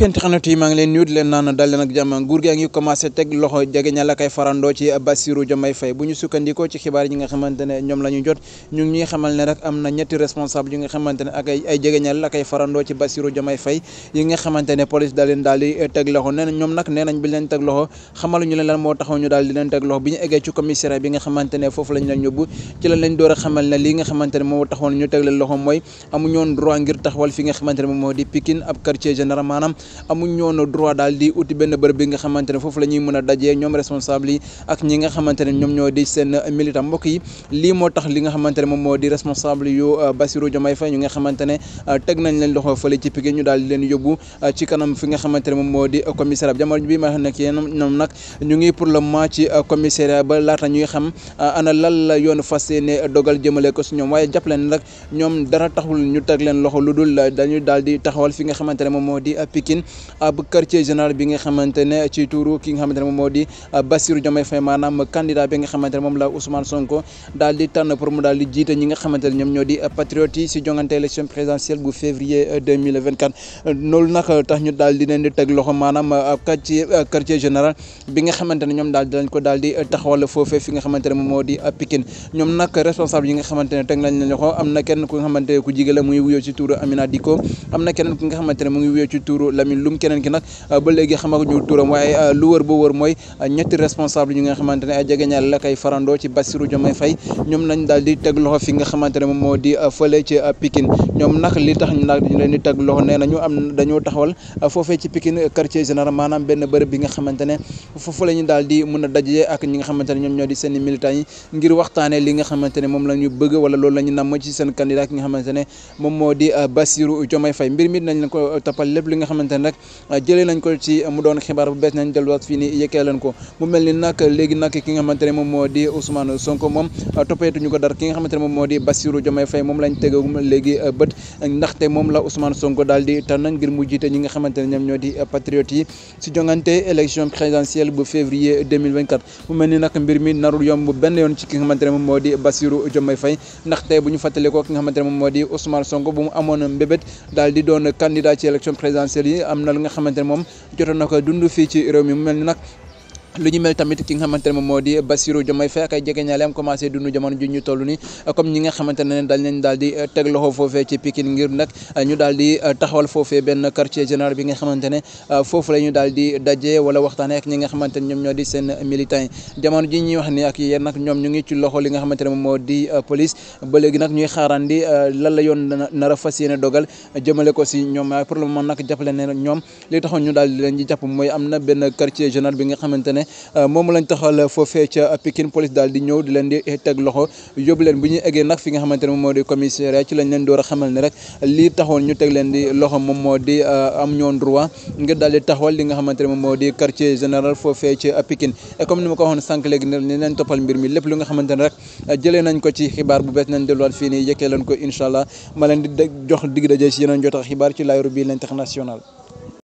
mbokk internet yi maa ngi leen nuyu di leen naan dal leen ak jàmm nguur gi a ngi commencé teg loxo jege ña la koy farandoo ci Bassirou Diomaye Faye ñu sukkandikoo ci xibaar yi nga xamante ne ñoom la ñu jot ñu ngi ñuy xamal ne rek am na ñetti responsable yi nga xamante ne ak ay jege ña la koy nga xamante ne police daal leen daal di eh, teg loxo nee na ñoom nag nee nañ bi leen teg loxo xamalu ñu leen lan moo taxaw ñu daal di leen teg loxo bi ñu eggee ci commissariat bi nga xamante ne foofu lañ leen yóbbu ci lañ door a xamal ne li nga xamante ne moo taxoon ñu teg leen loxo mooy amuñoon droit ngir taxawal fi nga xamante ne moom moo di Pikine ab quartier général amuñ ñoon droit daal di uti benn bërëb bi nga xamante ne foofu la ñuy mën a ñoom responsable yi ak ñi nga xamante ne ñoom ñoo di seen militant mbokk yi lii moo tax li nga xamante ne moom moo di responsable yu euh, Bassirou Diomaye Faye ñu nga xamante ne euh, leen loxo fële ci Pikine daal di leen yóbbu euh, ci kanam fi nga xamante ne moom moo di commissariat bi jamono bi ma xam ne yéen ñoom nag ñu ngi pour le moment ci commissariat ba laata ñuy xam ana lan la yoon fas yéene dogal jëmale ko si ñoom waaye jàpp leen nag ñoom dara taxul ñu teg leen loxo lu dul dañu daal di taxawal fi nga xamante ne moom moo di Pikine Pikine ab quartier général bi nga xamante ne ci turu ki nga xamante ne moom moo di Bassirou Diomaye Faye maanaam candidat bi nga xamante ne moom la Ousmane Sonko daal ne ñoom euh, bi nga xamante moom moo di Pikine ñoom nag responsable yi nga xamante ne teg loxo am na kenn ku nga xamante mu ngi wuyoo ci turu Lamine Lamine Loum keneen ki nag euh, ba léegi xamaguñu turam waaye euh, lu euh, nga xamante ne ay la kay farandoo ci Bassirou Diomaye Faye ñoom nañ daal di teg loxo fi nga xamante ne moom moo di fële ci Pikine ñoom nag li tax ñu nag dañu leen di teg loxo nee na ñu am dañoo benn bi nga xamante ne foofu la daal di mën a dajee ak ñi nga xamante ne ñoom ñoo di seen i militants yi ngir waxtaanee li nga xamante ne moom la ñu bëgg wala loolu la ñu namm ci seen candidat ki nga xamante moom moo di Bassirou Diomaye Faye mbir mi nañ ko toppal lépp li nga xamante nag ah, jëlee nañ ko ci ah, mu doon xibaar bu bees nañ delluwaat fii ni yëkkee leen ko mu mel ni nag léegi nag ki nga xamante ne moom moo di Ousmane Sonko moom ah, toppeetuñu ko dara ki nga xamante ne moom moo di Bassirou Diomaye Faye moom lañ tegagum léegi bët ndaxte moom la Ousmane Sonko daal di tànn ngir mu jiite ñi nga xamante ne ñoom ñoo di patriotes yi si jongante élection présidentielle bu février 2024 mu mel ni nag mbir mi narul yomb benn yoon ci ki nga xamante ne moom moo di Bassirou Diomaye Faye ndaxte bu ñu fàttalikoo ki nga xamante ne moom moo di Ousmane Sonko bu mu amoon mbébét daal di doon candidat ci élection présidentielle yi am na li nga xamante ne moom jotoon na ko dund fii ci réew mi mu mel nag lu ñu mel tamit ki nga xamante ne moom moo di Bassirou Diomaye Faye ak ay jegeñaaleem commencé dund jamono ju ñu toll ni comme ñi nga xamante ne daal nañ daal di euh, euh, euh, benn quartier général bi nga xamante ne foofu la ñu daal di daje wala waxtaane ak ñi nga xamante ne ñoom ñoo di seen militants yi jamono ji ñuy wax ni ak yéen nag ñoom ñu ngi loxo li nga xamante ne moom moo di police ba léegi nag ñuy xaarandi lan la yoon nar a fas yéene dogal jëmale ko si ñoom waaye pour le moment nag jàppale ne ñoom li taxoon ñu daal di leen jàpp mooy am na benn quartier général bi nga xamante ne ne euh, moom lañ taxal fee ca Pikine police daal di ñëw di leen di teg loxo yóbbu leen bu ñuy eggee nag fi nga xamante ne moom moo di commissariat ci lañ leen door a xamal rek lii taxoon ñu teg leen di loxo moom moo di euh, am ñoon droit ngir daal taxawal li nga xamante ne moom moo di quartier général foofee ca Pikine et comme ni ma ko waxoon sànq léegi ne leen toppal mbir mi lépp lu nga xamante ne rek euh, jëlee nañ ko ci xibaar bu bees nañ delluwaat fii nii yëkkee leen ko incha allah ma leen di jox dig daje si yeneen jot a xibaar ci Laye Roby l'international